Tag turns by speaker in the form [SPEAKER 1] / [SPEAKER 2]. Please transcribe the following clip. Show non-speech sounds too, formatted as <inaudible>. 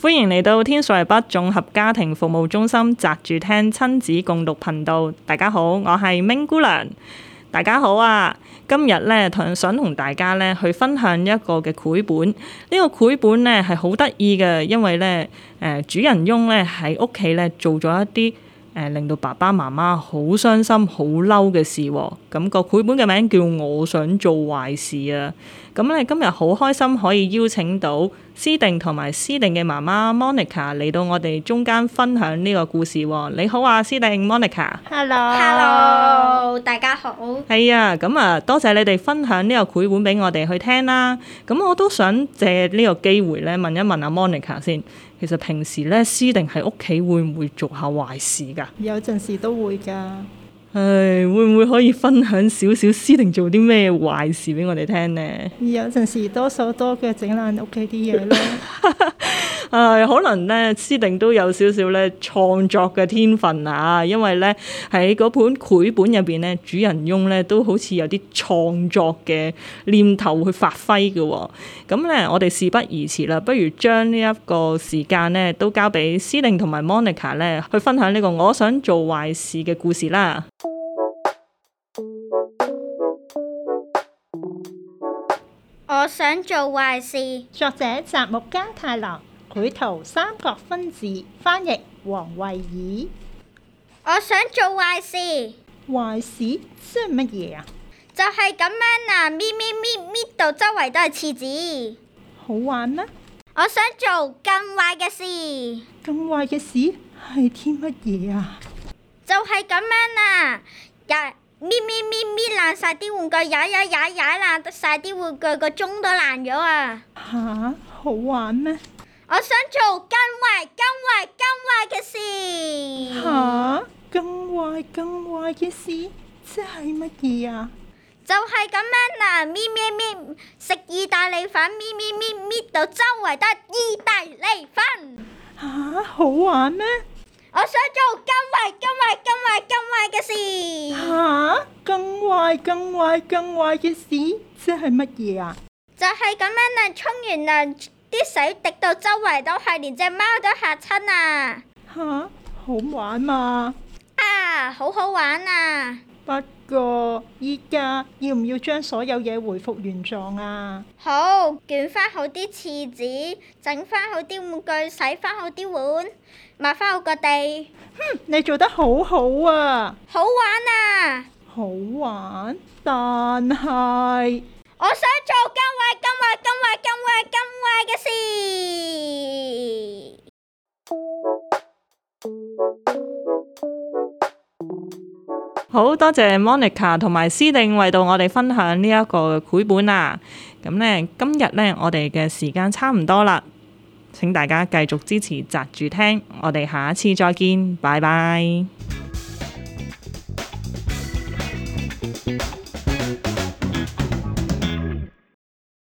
[SPEAKER 1] 歡迎嚟到天水圍北綜合家庭服務中心宅住聽親子共讀頻道，大家好，我係明姑娘。大家好啊，今日咧想同大家咧去分享一個嘅繪本，這個、繪本呢個繪本咧係好得意嘅，因為咧誒、呃、主人翁咧喺屋企咧做咗一啲。誒令到爸爸媽媽好傷心、好嬲嘅事喎、哦，咁個繪本嘅名叫我想做壞事啊！咁咧、嗯、今日好開心可以邀請到思定同埋思定嘅媽媽 Monica 嚟到我哋中間分享呢個故事喎、哦。你好啊，思定 Monica。
[SPEAKER 2] Hello。Hello，, Hello 大家好。
[SPEAKER 1] 係啊，咁啊，多謝你哋分享呢個繪本俾我哋去聽啦。咁、嗯、我都想借呢個機會咧問一問阿 Monica 先。其實平時咧，思定喺屋企會唔會做下壞事噶？
[SPEAKER 2] 有陣時都會噶。
[SPEAKER 1] 唉，會唔會可以分享少少思定做啲咩壞事俾我哋聽呢？
[SPEAKER 2] 有陣時多手多腳整爛屋企啲嘢咯。 <laughs>
[SPEAKER 1] 誒、啊、可能咧，思定都有少少咧創作嘅天分啊！因為咧喺嗰本繪本入邊咧，主人翁咧都好似有啲創作嘅念頭去發揮嘅喎。咁、嗯、咧、嗯，我哋事不宜遲啦，不如將呢一個時間咧都交俾思定同埋 Monica 咧去分享呢個我想做壞事嘅故事啦。
[SPEAKER 2] 我想做壞事。作者：澤木耕太郎。繪圖三角芳子，翻譯黃惠綺。我想做壞事。壞事即係乜嘢啊？就係咁樣啊！搣搣搣搣到周圍都係廁紙。好玩咩？我想做更壞嘅事。更壞嘅事係啲乜嘢啊？就係咁樣啊！又搣搣搣搣爛晒啲玩具，踩踩踩踩爛晒啲玩具，個鐘都爛咗啊！吓、啊？好玩咩？我想做更壞、更壞、更壞嘅事。吓，更壞、更壞嘅事，即係乜嘢啊？就係咁樣嗱、啊，咪咪咪，咪，食意大利粉，咪咪咪，咪，搣到周圍得意大利粉。吓，好玩咩？我想做更壞、更壞、更壞、更壞嘅事。吓，更壞、更壞、更壞嘅事，即係乜嘢啊？就係咁樣啦、啊，沖完涼。啲水滴到周圍都係，連隻貓都嚇親啊！吓，好玩嘛？啊，好好玩啊！不過依家要唔要將所有嘢回復原狀啊？好，捲翻好啲廁紙，整翻好啲玩具，洗翻好啲碗，抹翻好個地。哼，你做得好好啊！好玩啊！好玩，但係我想做更壞、更壞、更壞、更壞、更。
[SPEAKER 1] 好多謝 Monica 同埋思定為到我哋分享呢一個繪本啦。咁呢，今日呢，我哋嘅時間差唔多啦，請大家繼續支持宅住聽，我哋下一次再見，拜拜。